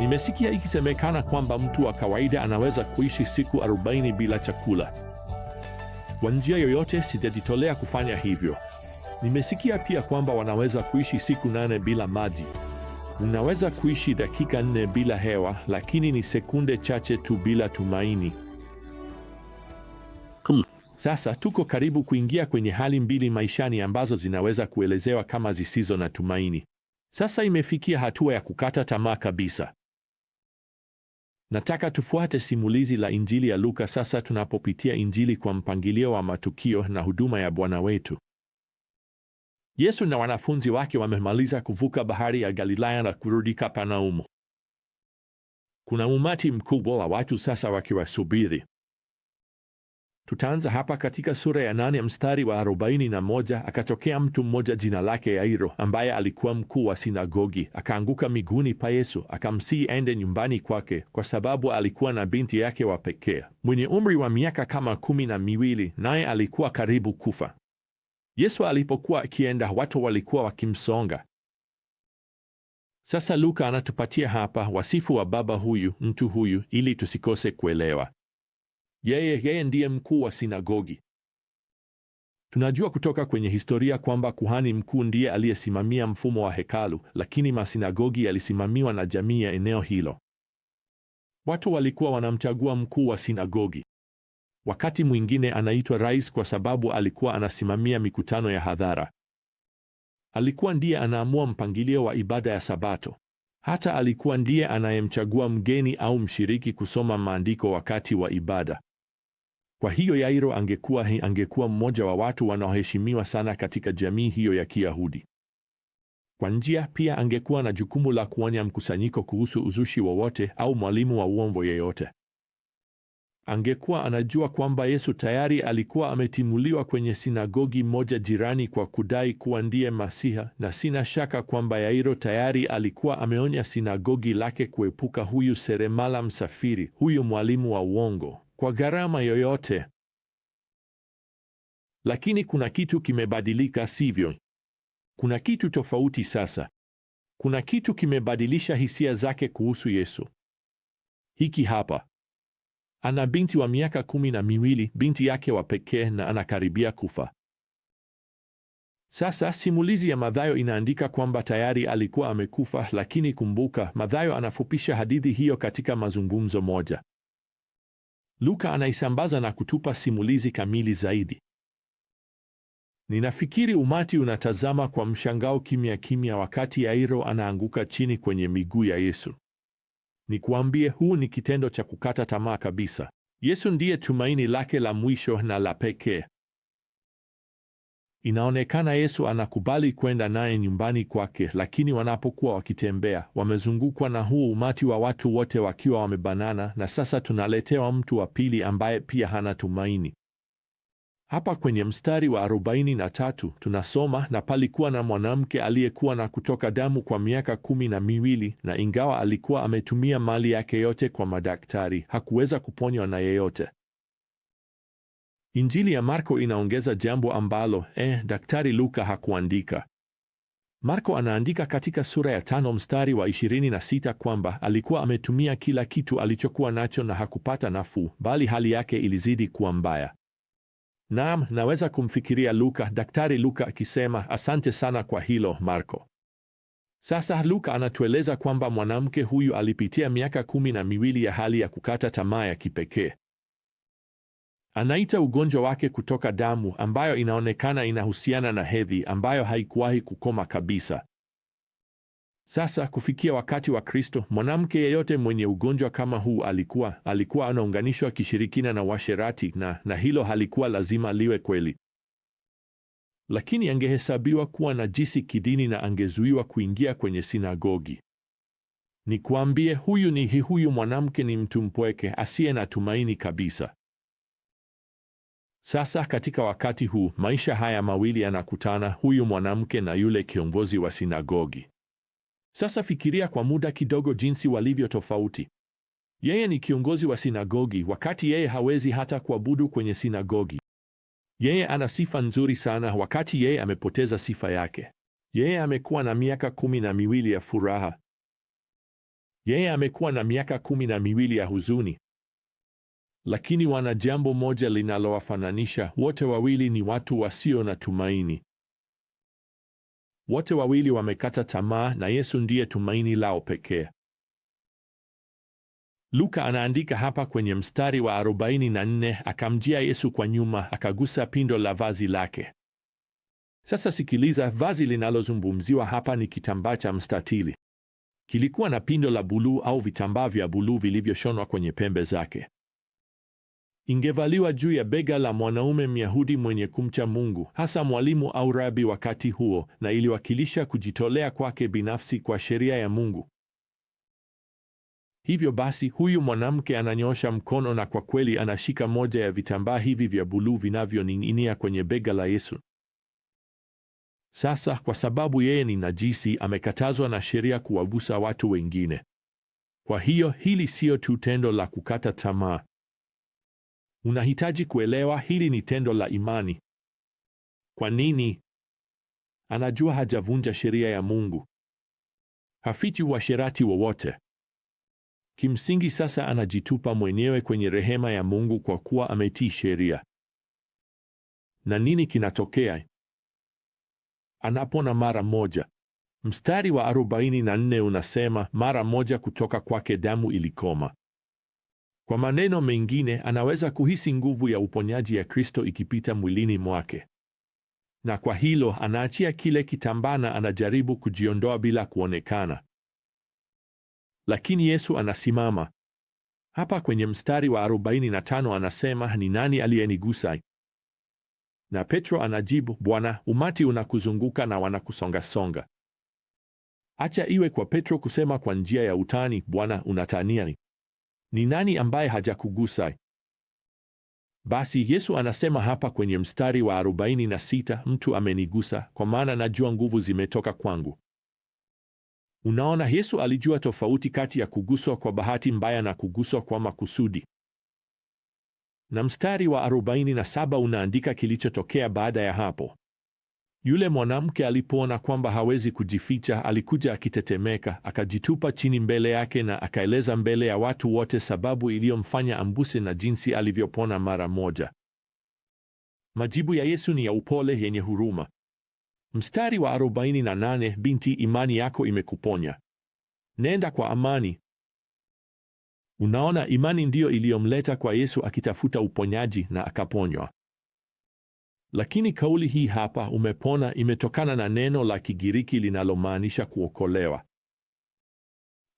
Nimesikia ikisemekana kwamba mtu wa kawaida anaweza kuishi siku 40 bila chakula. Kwa njia yoyote sijajitolea kufanya hivyo. Nimesikia pia kwamba wanaweza kuishi siku nane bila maji. Unaweza kuishi dakika nne bila hewa, lakini ni sekunde chache tu bila tumaini. Hmm. Sasa tuko karibu kuingia kwenye hali mbili maishani ambazo zinaweza kuelezewa kama zisizo na tumaini. Sasa imefikia hatua ya kukata tamaa kabisa. Nataka tufuate simulizi la Injili ya Luka sasa tunapopitia Injili kwa mpangilio wa matukio na huduma ya Bwana wetu. Yesu na wanafunzi wake wamemaliza kuvuka bahari ya Galilaya na kurudi Kapernaumu. Kuna umati mkubwa wa watu sasa wakiwasubiri. Tutaanza hapa katika sura ya nane mstari wa arobaini na moja. Akatokea mtu mmoja jina lake Yairo, ambaye alikuwa mkuu wa sinagogi, akaanguka miguuni pa Yesu, akamsihi ende nyumbani kwake, kwa sababu alikuwa na binti yake wa pekee mwenye umri wa miaka kama kumi na miwili, naye alikuwa karibu kufa. Yesu alipokuwa akienda, watu walikuwa wakimsonga. Sasa Luka anatupatia hapa wasifu wa baba huyu mtu huyu, ili tusikose kuelewa. Yeye yeye ndiye mkuu wa sinagogi. Tunajua kutoka kwenye historia kwamba kuhani mkuu ndiye aliyesimamia mfumo wa hekalu, lakini masinagogi yalisimamiwa na jamii ya eneo hilo. Watu walikuwa wanamchagua mkuu wa sinagogi. Wakati mwingine anaitwa rais kwa sababu alikuwa anasimamia mikutano ya hadhara. Alikuwa ndiye anaamua mpangilio wa ibada ya Sabato. Hata alikuwa ndiye anayemchagua mgeni au mshiriki kusoma maandiko wakati wa ibada. Kwa hiyo Yairo angekuwa, angekuwa mmoja wa watu wanaoheshimiwa sana katika jamii hiyo ya Kiyahudi. Kwa njia pia angekuwa na jukumu la kuonya mkusanyiko kuhusu uzushi wowote au mwalimu wa uongo yeyote. Angekuwa anajua kwamba Yesu tayari alikuwa ametimuliwa kwenye sinagogi moja jirani kwa kudai kuwa ndiye Masiha, na sina shaka kwamba Yairo tayari alikuwa ameonya sinagogi lake kuepuka huyu seremala msafiri, huyu mwalimu wa uongo kwa gharama yoyote. Lakini kuna kitu kimebadilika, sivyo? Kuna kitu tofauti sasa. Kuna kitu kimebadilisha hisia zake kuhusu Yesu. Hiki hapa, ana binti wa miaka kumi na miwili, binti yake wa pekee, na anakaribia kufa. Sasa simulizi ya Mathayo inaandika kwamba tayari alikuwa amekufa, lakini kumbuka, Mathayo anafupisha hadithi hiyo katika mazungumzo moja. Luka anaisambaza na kutupa simulizi kamili zaidi. Ninafikiri umati unatazama kwa mshangao kimya kimya wakati Yairo anaanguka chini kwenye miguu ya Yesu. Nikuambie, huu ni kitendo cha kukata tamaa kabisa. Yesu ndiye tumaini lake la mwisho na la pekee. Inaonekana Yesu anakubali kwenda naye nyumbani kwake, lakini wanapokuwa wakitembea, wamezungukwa na huu umati wa watu wote wakiwa wamebanana, na sasa tunaletewa mtu wa pili ambaye pia hana tumaini. Hapa kwenye mstari wa 43 tunasoma, na palikuwa na mwanamke aliyekuwa na kutoka damu kwa miaka kumi na miwili, na ingawa alikuwa ametumia mali yake yote kwa madaktari, hakuweza kuponywa na yeyote. Injili ya Marko inaongeza jambo ambalo eh, Daktari Luka hakuandika. Marko anaandika katika sura ya tano mstari wa 26 kwamba alikuwa ametumia kila kitu alichokuwa nacho na hakupata nafuu, bali hali yake ilizidi kuwa mbaya. Naam, naweza kumfikiria Luka, Daktari Luka akisema asante sana kwa hilo Marko. Sasa Luka anatueleza kwamba mwanamke huyu alipitia miaka kumi na miwili ya hali ya kukata tamaa ya kipekee. Anaita ugonjwa wake kutoka damu ambayo inaonekana inahusiana na hedhi ambayo haikuwahi kukoma kabisa. Sasa kufikia wakati wa Kristo, mwanamke yeyote mwenye ugonjwa kama huu alikuwa alikuwa anaunganishwa kishirikina na washerati, na na hilo halikuwa lazima liwe kweli, lakini angehesabiwa kuwa najisi kidini na angezuiwa kuingia kwenye sinagogi. Nikwambie, huyu ni hi, huyu mwanamke ni mtu mpweke asiye na tumaini kabisa. Sasa katika wakati huu maisha haya mawili yanakutana, huyu mwanamke na yule kiongozi wa sinagogi. Sasa fikiria kwa muda kidogo jinsi walivyo tofauti. Yeye ni kiongozi wa sinagogi, wakati yeye hawezi hata kuabudu kwenye sinagogi. Yeye ana sifa nzuri sana, wakati yeye amepoteza sifa yake. Yeye amekuwa na miaka kumi na miwili ya furaha, yeye amekuwa na miaka kumi na miwili ya huzuni lakini wana jambo moja linalowafananisha wote wawili: ni watu wasio na tumaini. Wote wawili wamekata tamaa na Yesu ndiye tumaini lao pekee. Luka anaandika hapa kwenye mstari wa 44, akamjia Yesu kwa nyuma, akagusa pindo la vazi lake. Sasa sikiliza, vazi linalozungumziwa hapa ni kitambaa cha mstatili. Kilikuwa na pindo la buluu au vitambaa vya buluu vilivyoshonwa kwenye pembe zake ingevaliwa juu ya bega la mwanaume Myahudi mwenye kumcha Mungu, hasa mwalimu au rabi wakati huo, na iliwakilisha kujitolea kwake binafsi kwa sheria ya Mungu. Hivyo basi, huyu mwanamke ananyosha mkono na kwa kweli anashika moja ya vitambaa hivi vya buluu vinavyoning'inia kwenye bega la Yesu. Sasa kwa sababu yeye ni najisi, amekatazwa na sheria kuwagusa watu wengine. Kwa hiyo hili siyo tu tendo la kukata tamaa, Unahitaji kuelewa hili ni tendo la imani. Kwa nini? Anajua hajavunja sheria ya Mungu, hafichi uasherati wowote. Kimsingi sasa anajitupa mwenyewe kwenye rehema ya Mungu kwa kuwa ametii sheria. Na nini kinatokea? Anapona mara moja. Mstari wa 44 unasema mara moja kutoka kwake damu ilikoma. Kwa maneno mengine, anaweza kuhisi nguvu ya uponyaji ya Kristo ikipita mwilini mwake, na kwa hilo anaachia kile kitambaa na anajaribu kujiondoa bila kuonekana. Lakini Yesu anasimama hapa kwenye mstari wa 45, anasema, ni nani aliyenigusa? Na Petro anajibu, Bwana, umati unakuzunguka na wanakusongasonga. Acha iwe kwa Petro kusema kwa njia ya utani, Bwana unatania, ni nani ambaye hajakugusa? Basi Yesu anasema hapa kwenye mstari wa 46, mtu amenigusa kwa maana najua nguvu zimetoka kwangu. Unaona, Yesu alijua tofauti kati ya kuguswa kwa bahati mbaya na kuguswa kwa makusudi. Na mstari wa 47 unaandika kilichotokea baada ya hapo. Yule mwanamke alipoona kwamba hawezi kujificha, alikuja akitetemeka, akajitupa chini mbele yake na akaeleza mbele ya watu wote sababu iliyomfanya ambuse na jinsi alivyopona mara moja. Majibu ya Yesu ni ya upole yenye huruma. Mstari wa 48, binti, imani yako imekuponya, nenda kwa amani. Unaona, imani ndiyo iliyomleta kwa Yesu akitafuta uponyaji na akaponywa. Lakini kauli hii hapa, umepona, imetokana na neno la Kigiriki linalomaanisha kuokolewa.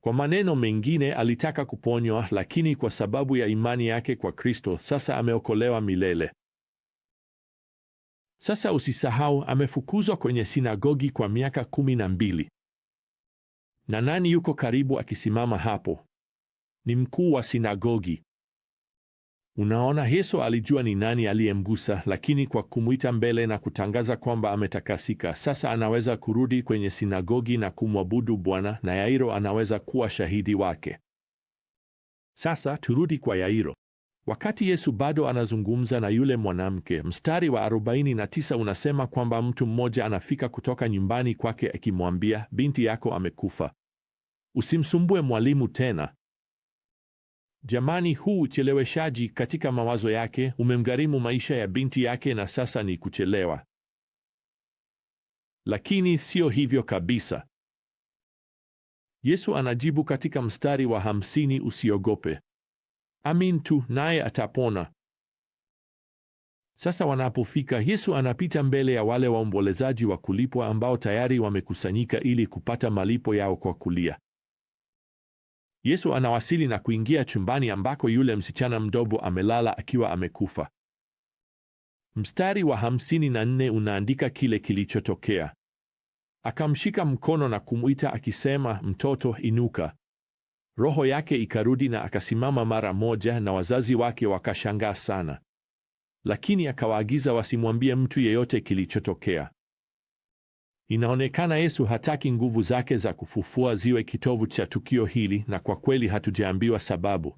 Kwa maneno mengine, alitaka kuponywa, lakini kwa sababu ya imani yake kwa Kristo sasa ameokolewa milele. Sasa usisahau, amefukuzwa kwenye sinagogi kwa miaka kumi na mbili na nani yuko karibu akisimama hapo? Ni mkuu wa sinagogi. Unaona, Yesu alijua ni nani aliyemgusa, lakini kwa kumwita mbele na kutangaza kwamba ametakasika, sasa anaweza kurudi kwenye sinagogi na kumwabudu Bwana, na Yairo anaweza kuwa shahidi wake. Sasa turudi kwa Yairo. Wakati Yesu bado anazungumza na yule mwanamke, mstari wa 49 unasema kwamba mtu mmoja anafika kutoka nyumbani kwake akimwambia, binti yako amekufa, usimsumbue mwalimu tena. Jamani, huu ucheleweshaji katika mawazo yake umemgharimu maisha ya binti yake, na sasa ni kuchelewa. Lakini sio hivyo kabisa. Yesu anajibu katika mstari wa hamsini, usiogope, amin tu, naye atapona. Sasa wanapofika, Yesu anapita mbele ya wale waombolezaji wa kulipwa ambao tayari wamekusanyika ili kupata malipo yao kwa kulia. Yesu anawasili na kuingia chumbani ambako yule msichana mdogo amelala akiwa amekufa. Mstari wa hamsini na nne unaandika kile kilichotokea. Akamshika mkono na kumwita akisema, mtoto inuka. Roho yake ikarudi na akasimama mara moja, na wazazi wake wakashangaa sana, lakini akawaagiza wasimwambie mtu yeyote kilichotokea. Inaonekana Yesu hataki nguvu zake za kufufua ziwe kitovu cha tukio hili, na kwa kweli hatujaambiwa sababu.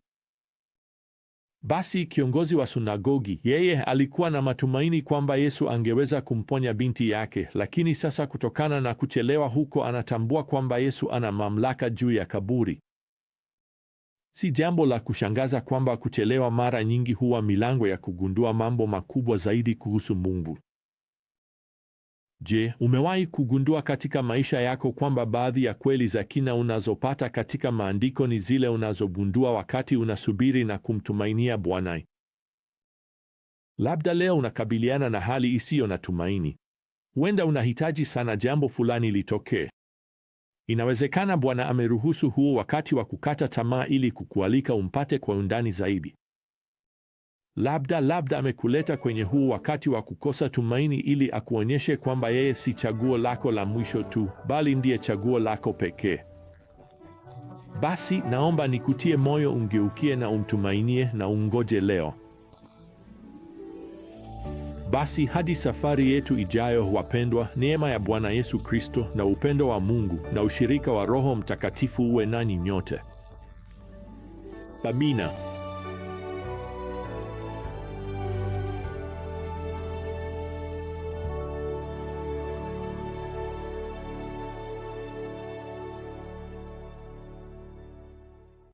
Basi kiongozi wa sunagogi, yeye alikuwa na matumaini kwamba Yesu angeweza kumponya binti yake, lakini sasa kutokana na kuchelewa huko, anatambua kwamba Yesu ana mamlaka juu ya kaburi. Si jambo la kushangaza kwamba kuchelewa mara nyingi huwa milango ya kugundua mambo makubwa zaidi kuhusu Mungu. Je, umewahi kugundua katika maisha yako kwamba baadhi ya kweli za kina unazopata katika maandiko ni zile unazogundua wakati unasubiri na kumtumainia Bwana? Labda leo unakabiliana na hali isiyo na tumaini. Huenda unahitaji sana jambo fulani litokee. Inawezekana Bwana ameruhusu huo wakati wa kukata tamaa ili kukualika umpate kwa undani zaidi. Labda labda amekuleta kwenye huu wakati wa kukosa tumaini ili akuonyeshe kwamba yeye si chaguo lako la mwisho tu, bali ndiye chaguo lako pekee. Basi naomba nikutie moyo, ungeukie na umtumainie na ungoje leo. Basi hadi safari yetu ijayo, wapendwa, neema ya Bwana Yesu Kristo na upendo wa Mungu na ushirika wa Roho Mtakatifu uwe nanyi nyote. Amina.